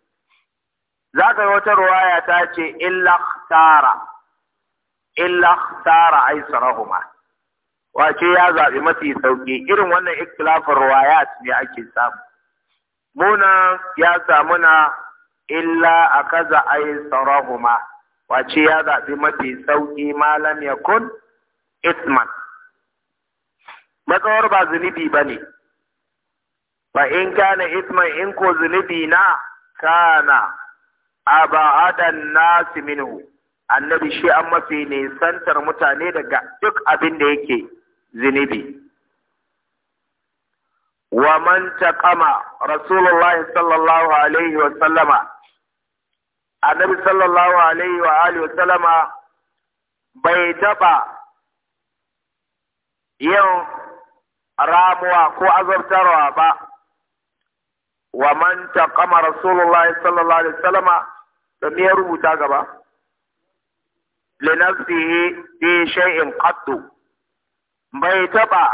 za ka yi wata ruwaya ta ce illa tara illa tara aisarahuma wace ya zaɓi mafi sauƙi? irin wannan ikilafin ruwayat ne ake samu muna ya samu na illa a kaza aisarahuma Wace ya zaɓi mafi sauƙi malam ya kun isman matsawar ba zunubi ba ne ba in gane isman in ko zunubi na kana abadan nasi minhu annabi shi an mafi nisantar mutane daga duk abin da yake zunubi wa man taqama rasulullahi sallallahu alaihi wa sallama annabi sallallahu alaihi wa alihi wasallama bai taɓa yin ramuwa ko azabtarwa ba wa man taqama rasulullahi sallallahu alaihi wasallama da me ya rubuta gaba linafsihi fi shay'in qattu bai taɓa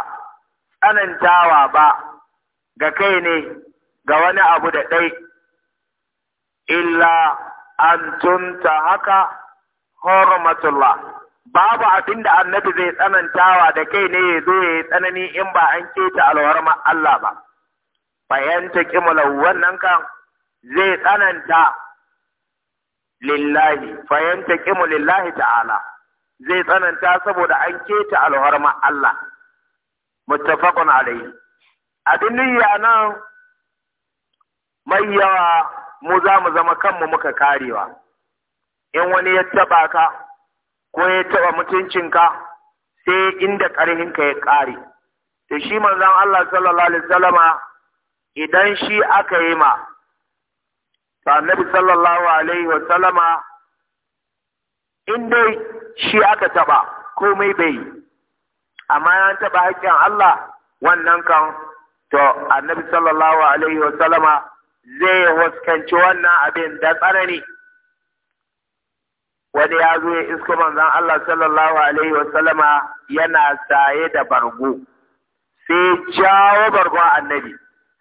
tsanantawa ba ga kai ne ga wani abu da dai illa an tunta haka hormatullah babu abin da annabi zai tsanantawa da kai ne ya zo ya yi tsanani in ba an keta alwarma Allah ba fayanta kimulau wannan kan zai tsananta lillahi fayanta kimu lillahi ta'ala zai tsananta saboda an keta alwarma Allah muttafaqun alayhi abin niyya nan mai yawa mu za mu zama kanmu muka karewa in wani ya taba ka ko ya taba mutuncinka sai inda ƙarhinka ya ƙare da shi manzon Allah sallallahu alaihi wasallama idan shi aka yi ma to annabi sallallahu alaihi wasallama in dai shi aka taba komai bai yi amma ya taba haƙƙin Allah wannan kan to annabi sallallahu alaihi wasallama zai waskanci wannan abin da tsanani wani ya zo ya isko manzan Allah sallallahu alaihi wasallama yana saye da bargo sai jawo bargo annabi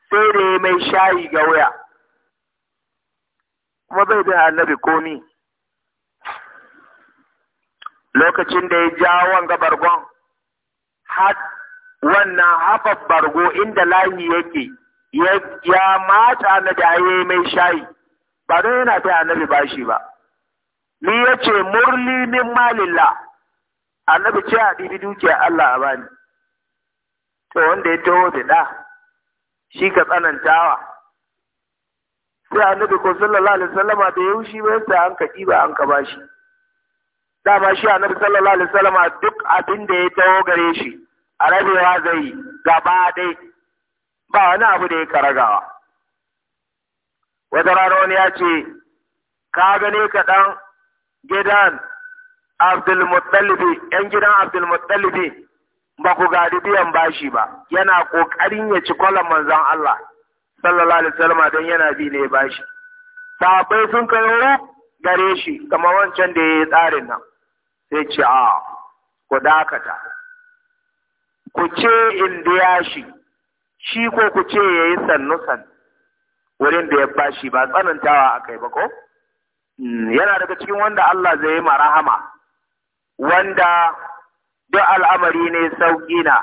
sai da ya mai shayi ga wuya kuma bai da annabi komi lokacin da ya jawo wanga bargon wannan haɓar bargo inda layi yake ya mata da ya yi mai shayi ba don yana ta yana bashi ba ni ya ce murli min malilla annabi ce a ɗibi dukiya Allah a bani to wanda ya taho da ɗa shi ka tsanantawa sai annabi ko sallallahu alaihi wasallama da ya wushi ba yasa an ka ba an ka bashi dama shi annabi sallallahu alaihi wasallama duk abin da ya taho gare shi a rabewa zai gaba dai ba wani abu da ya karagawa wata rana wani ya ce ka gane ka ɗan gidan abdulmuttalibi yan gidan abdulmuttalibi ba ku gadi biyan bashi ba yana ƙoƙarin ya ci kwalan manzon Allah sallallahu alaihi wasallam don yana bi ne bashi sabai sun kai gare shi kamar wancan da ya yi tsarin nan sai ce a ku dakata ku ce in biya shi shi ko ku ce ya yi sannu-san wurin da ya bashi ba tsanantawa a kai ba ko? Hmm, yana daga cikin wanda Allah zai yi marahama, wanda duk al'amari ne sauƙi na,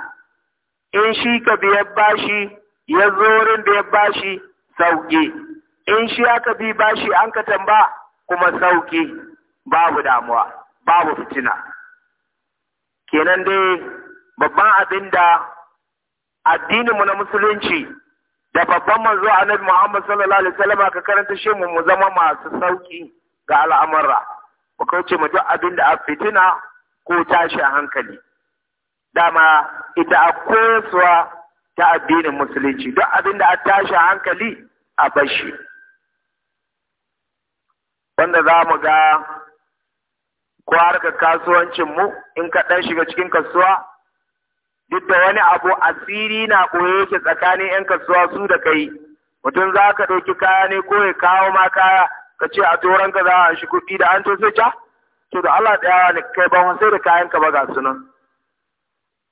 in shi ka bi ya bashi, ya zo wurin da ya bashi sauƙi, in shi aka bi bashi an ka tamba kuma sauƙi babu damuwa, babu fitina. Kenan dai babban abin da addininmu na musulunci da babban manzo annabi Muhammad sallallahu alaihi wasallam ka karanta shi mu zama masu sauki ga al'amura mu kauce mu duk abin da a fitina ko tashi a hankali dama ita a ta addinin musulunci duk abin da a tashi a hankali a bashi wanda za mu ga ko harkar kasuwancinmu in ka ɗan shiga cikin kasuwa duk da wani abu asiri na ɓoye yake tsakanin 'yan kasuwa su da kai mutum za ka ɗauki kaya ne ko ya kawo ma kaya ka ce a toron ka za a shi kuɗi da an to sai ca to da Allah tsayawa ne kai ba sai da kayan ka ba ga sunan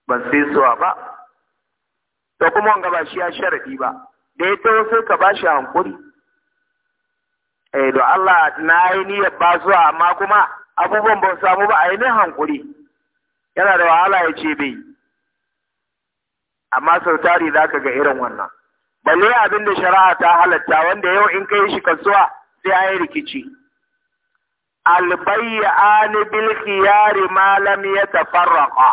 ban sai suwa ba to kuma wanga ba shi ya sharadi ba da ya tawo sai ka shi hankuri eh don Allah na yi niyyar ba zuwa amma kuma abubuwan ba samu ba a yi ne hankuri yana da wahala ya ce bai amma sau tari za ka ga irin wannan balle abin da shari'a ta halatta wanda yau in kai shi kasuwa sai ayi rikici ani bilki yari ma lam yatafarraqa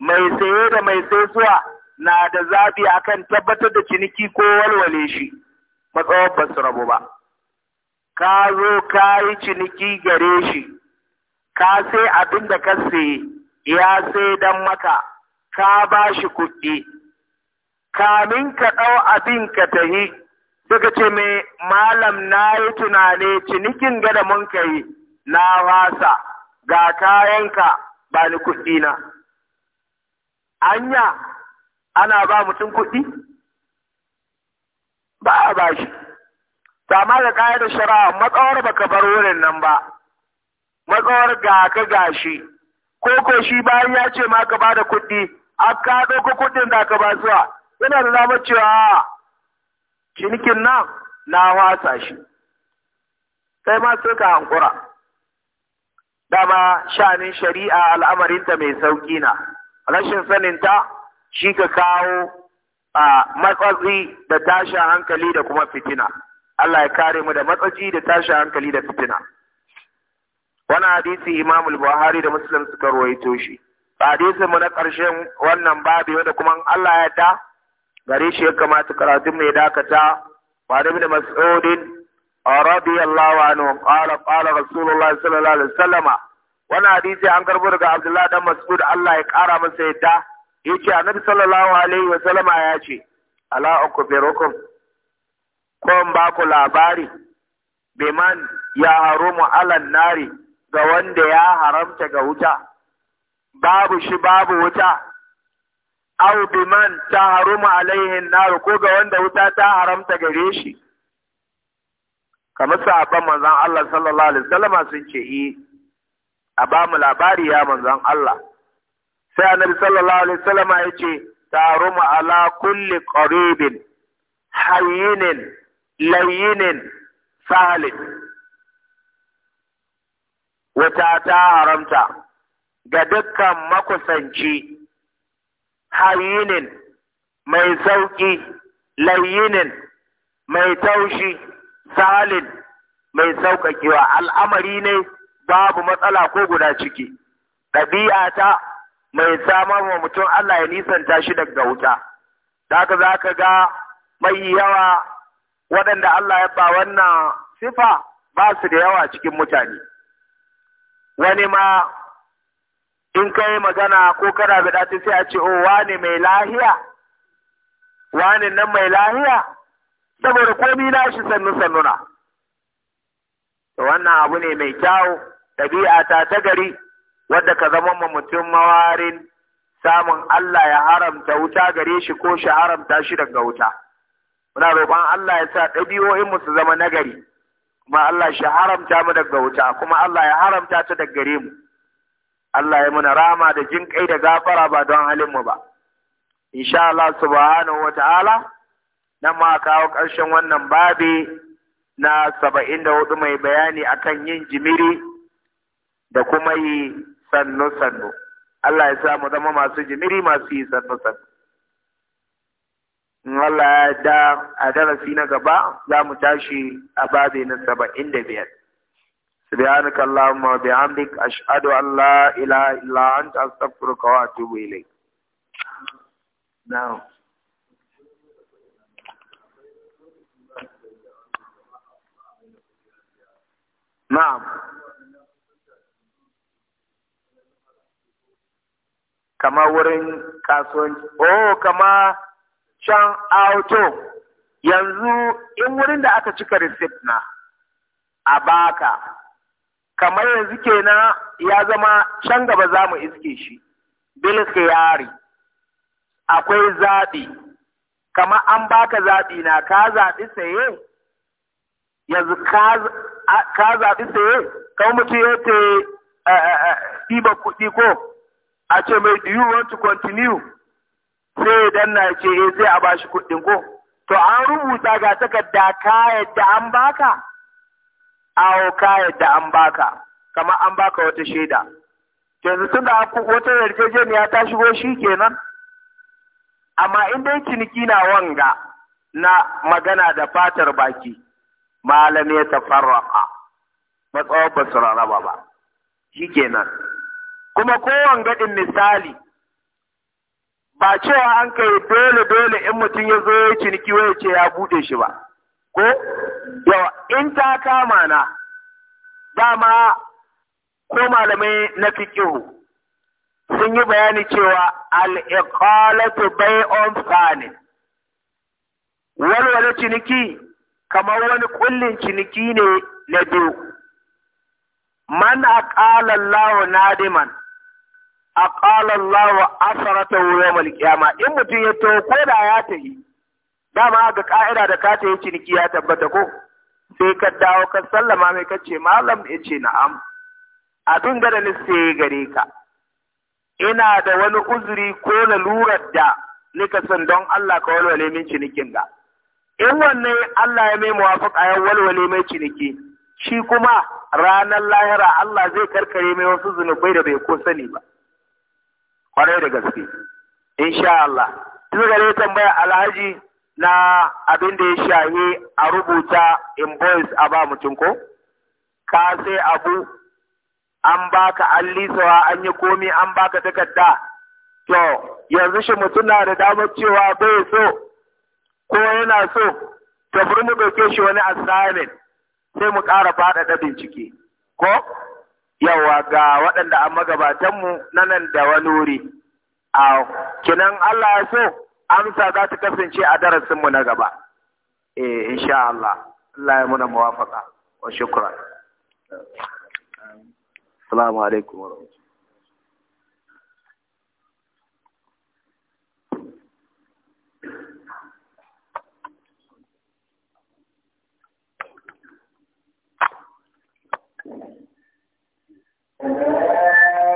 mai saye da mai saisuwa na da zabi akan tabbatar da ciniki ko walwale shi matsawar ba su rabu ba ka zo ka yi ciniki gare shi ka sai abin da ka saye ya sai dan maka ka ba shi kuɗi kamin ka ɗau abin ka tahi suka ce mai malam na yi tunane cinikin gada mun ka yi na wasa ga kayanka ba ni kuɗi na anya ana ba mutum kuɗi ba a ba shi ma ga kayan da shari'a matsawar baka bar wurin nan ba matsawar ga ka gashi ko ko shi bayan ya ce ma ka ba da kuɗi aka ɗauko kuɗin da aka ba suwa yana da zama cewa cinikin nan na wasa shi sai ma sai ka hankura dama sha'anin shari'a al'amarinta mai sauƙi na rashin saninta shi ka kawo a matsatsi da tashin hankali da kuma fitina Allah ya kare mu da matsaci da tashin hankali da fitina wani hadisi imamul buhari da muslim suka ruwaito shi hadisin mu na ƙarshen wannan babi wanda kuma Allah ya ta gare shi ya kamata karatun mai dakata wa da bin mas'udin radiyallahu anhu qala qala rasulullahi sallallahu alaihi wasallam wannan hadisi an karbo daga Abdullah dan Mas'ud Allah ya ƙara masa yadda yace annabi sallallahu alaihi wasallam ya ce ala ukbirukum kun ba ku labari biman ya haramu alan nari ga wanda ya haramta ga wuta babu shi babu wuta aw biman ta haruma alaihin naru ko ga wanda wuta ta haramta gare shi kamar ban manzan Allah sallallahu alaihi wasallam sun ce yi eh, a ba mu labari ya manzan Allah sai annabi sallallahu alaihi wasallam ya ce ta haruma ala kulli qaribin hayyinin layyinin sahalin wata ta haramta ga dukkan makusanci hayinin mai sauƙi layyinin mai taushi salin mai sauƙaƙewa al'amari ne babu matsala ko guda ciki ɗabi'a ta mai samar wa mutum Allah ya nisanta shi daga wuta da za ka ga mai yawa waɗanda Allah ya ba wannan sifa ba su da yawa cikin mutane wani ma in kai magana ko kana bida ta sai a ce o oh, wane mai lahiya wane nan mai lahiya saboda komi shi sannu sannuna to wannan abu ne mai kyau. ɗabi'a ta ta gari wadda ka zama ma mutum mawarin samun Allah ya haramta wuta gare shi ko shi haramta shi daga wuta muna roƙon Allah ya sa ɗabi'o'in mu su zama nagari kuma Allah shi haramta mu daga wuta kuma Allah ya haramta ta daga gare mu Allah ya muna rama da jin kai da gafara ba don halinmu ba insha Allah subhanahu wa ta'ala nan ma kawo ƙarshen wannan babi na saba'in da hudu mai bayani akan yin jimiri da kuma yi sannu-sannu Allah ya sa mu zama masu jimiri masu yi sannu-sannu in Allah ya da a darasi na gaba za mu tashi a babi na saba'in da biyar سبحانك اللهم وبحمدك أشهد أن لا إله إلا أنت أستغفرك وأتوب إليك Now. نعم kama kama can auto yanzu in wurin da aka cika risit na a baka kamar yanzu kenan ya zama can gaba za mu iske shi bil khiyari akwai zaɓi Kama an baka zaɓi na ka zaɓi saye yanzu ka zaɓi saye kawai mutum ya ce eh, eh, eh, ɗiba kuɗi ko a ce mai do you want to continue sai dan na ce eh sai a bashi kuɗin ko to an rubuta ga takarda ka yadda an baka awo ka da an baka kamar an baka wata shaida yanzu tun da wata yarjejeniya ta shigo shi kenan amma in dai ciniki na wanga na magana da fatar baki malam ya tafarraka matsawar ba su ba shi kenan kuma kowane gaɗin misali ba cewa an kai dole dole in mutum ya zo ya ciniki waya ce ya bude shi ba ko yawa in ta kama na dama ko malamai na fikihu sun yi bayani cewa al’iƙalatu bai bai'un sanin Walwale ciniki kamar wani kullin ciniki ne na biyu man aqala Allahu nadiman aqala Allahu asrata yawm al-qiyama in mutum ya to ko da ya tahi dama ga ka'ida da ka ta yi ciniki ya tabbata ko sai ka dawo ka sallama mai kace ce malam ya ce na'am abin da ni sai gare ka ina da wani uzuri ko lalurar da nika san don Allah ka walwale min cinikin ga in wannan Allah ya mai muwafaka ya walwale mai ciniki shi kuma ranar lahira Allah zai karkare mai wasu zunubai da bai ko sani ba kwarai da gaske insha Allah tun gare tambaya alhaji na abin da ya shahi a rubuta invoice a ba mutum ko ka sai abu an baka an lisawa an yi komi an baka takarda to yanzu shi mutum na da damar cewa bai so ko yana so ta bari mu ɗauke shi wani assignment sai mu ƙara faɗaɗa bincike ko yawa ga waɗanda a magabatanmu na nan da wani wuri a kinan Allah ya so amsa za ta kasance a darasinmu na gaba eh insha Allah Allah ya muna mawafaka, wa shukura. Salamu alaikum Thank you.